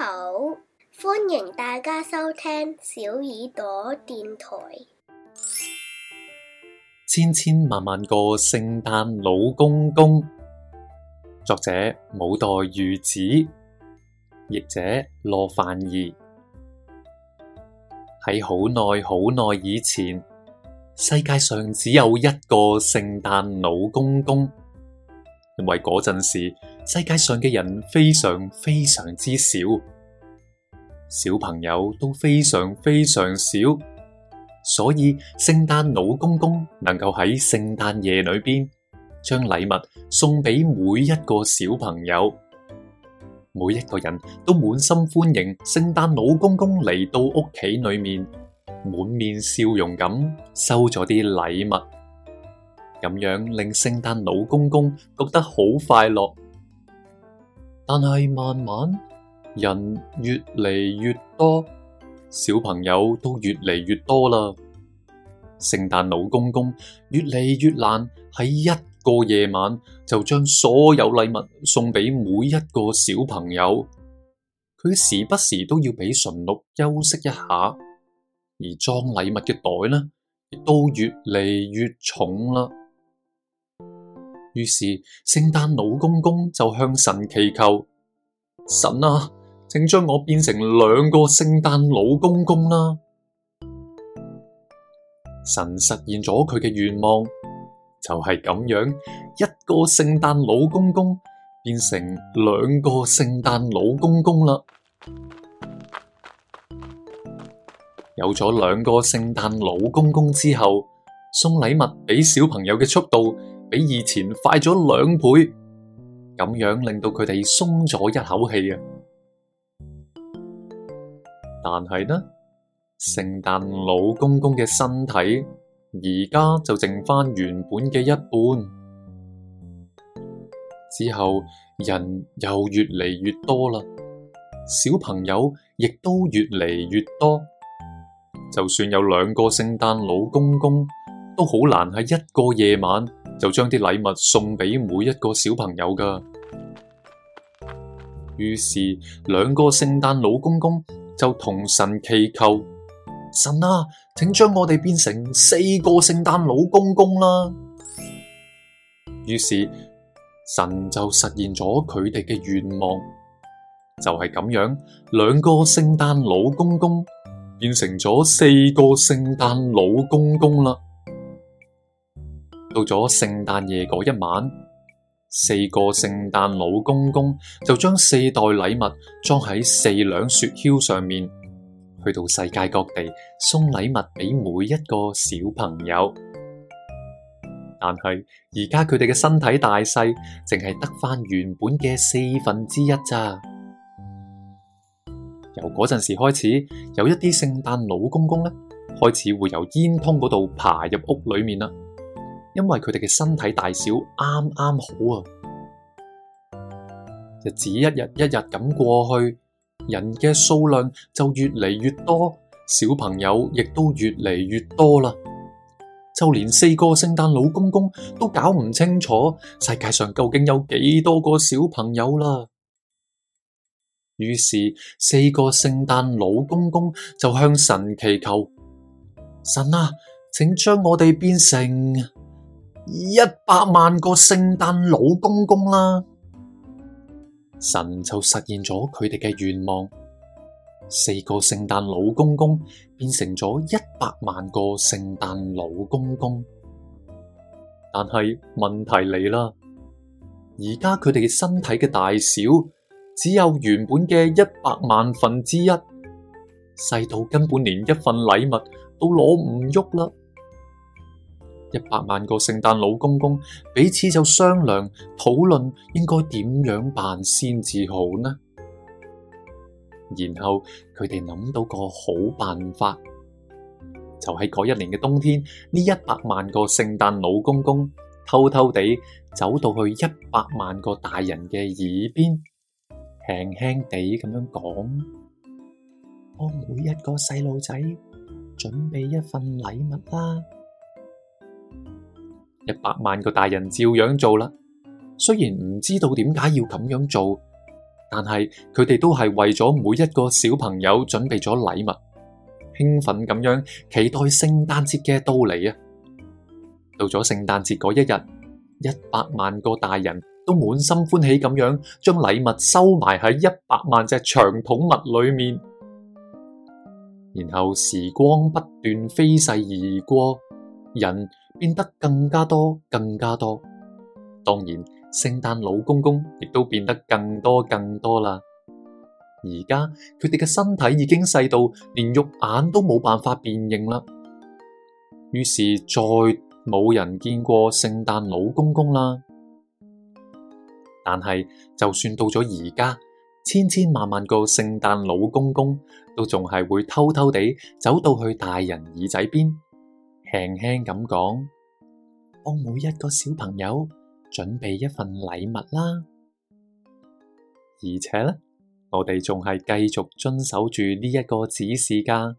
好，歡迎大家收聽小耳朵電台。千千萬萬個聖誕老公公，作者武代裕子，譯者羅范儀。喺好耐好耐以前，世界上只有一個聖誕老公公，因為嗰陣時。世界上嘅人非常非常之少，小朋友都非常非常少，所以聖誕老公公能夠喺聖誕夜裏邊將禮物送俾每一個小朋友，每一個人都滿心歡迎聖誕老公公嚟到屋企裏面，滿面笑容咁收咗啲禮物，咁樣令聖誕老公公覺得好快樂。但係慢慢，人越嚟越多，小朋友都越嚟越多啦。聖誕老公公越嚟越難，喺一個夜晚就將所有禮物送俾每一個小朋友。佢時不時都要俾馴鹿休息一下，而裝禮物嘅袋呢，亦都越嚟越重啦。於是聖誕老公公就向神祈求：神啊，請將我變成兩個聖誕老公公啦！神實現咗佢嘅願望，就係咁樣，一個聖誕老公公變成兩個聖誕老公公啦。有咗兩個聖誕老公公之後，送禮物俾小朋友嘅速度。比以前快咗兩倍，咁樣令到佢哋鬆咗一口氣啊！但係呢，聖誕老公公嘅身體而家就剩翻原本嘅一半。之後人又越嚟越多啦，小朋友亦都越嚟越多。就算有兩個聖誕老公公，都好難喺一個夜晚。就將啲禮物送俾每一個小朋友㗎。於是兩個聖誕老公公就同神祈求：神啊，請將我哋變成四個聖誕老公公啦！於是神就實現咗佢哋嘅願望。就係咁樣，兩個聖誕老公公變成咗四個聖誕老公公啦。到咗聖誕夜嗰一晚，四個聖誕老公公就將四袋禮物裝喺四輛雪橇上面，去到世界各地送禮物俾每一個小朋友。但係而家佢哋嘅身體大細淨係得返原本嘅四分之一咋。由嗰陣時開始，有一啲聖誕老公公呢，開始會由煙囪嗰度爬入屋裏面啦。因為佢哋嘅身體大小啱啱好啊，日子一日一日咁過去，人嘅數量就越嚟越多，小朋友亦都越嚟越多啦。就連四個聖誕老公公都搞唔清楚世界上究竟有幾多個小朋友啦。於是四個聖誕老公公就向神祈求：神啊，請將我哋變成……一百萬個聖誕老公公啦，神就實現咗佢哋嘅願望，四個聖誕老公公變成咗一百萬個聖誕老公公。但係問題嚟啦，而家佢哋身體嘅大小只有原本嘅一百萬分之一，細到根本連一份禮物都攞唔喐啦。一百萬個聖誕老公公彼此就商量討論，應該點樣辦先至好呢？然後佢哋諗到個好辦法，就喺嗰一年嘅冬天，呢一百萬個聖誕老公公偷偷地走到去一百萬個大人嘅耳邊，輕輕地咁樣講：「幫每一個細路仔準備一份禮物啦！一百萬個大人照樣做啦，雖然唔知道點解要咁樣做，但係佢哋都係為咗每一個小朋友準備咗禮物，興奮咁樣期待聖誕節嘅到嚟啊！到咗聖誕節嗰一日，一百萬個大人都滿心歡喜咁樣將禮物收埋喺一百萬隻長筒襪裏面，然後時光不斷飛逝而過，人。變得更加多，更加多。當然，聖誕老公公亦都變得更多更多啦。而家佢哋嘅身體已經細到連肉眼都冇辦法辨認啦。於是，再冇人見過聖誕老公公啦。但係，就算到咗而家，千千萬萬個聖誕老公公都仲係會偷偷地走到去大人耳仔邊。輕輕咁講，我每一個小朋友準備一份禮物啦。而且呢，我哋仲係繼續遵守住呢一個指示㗎。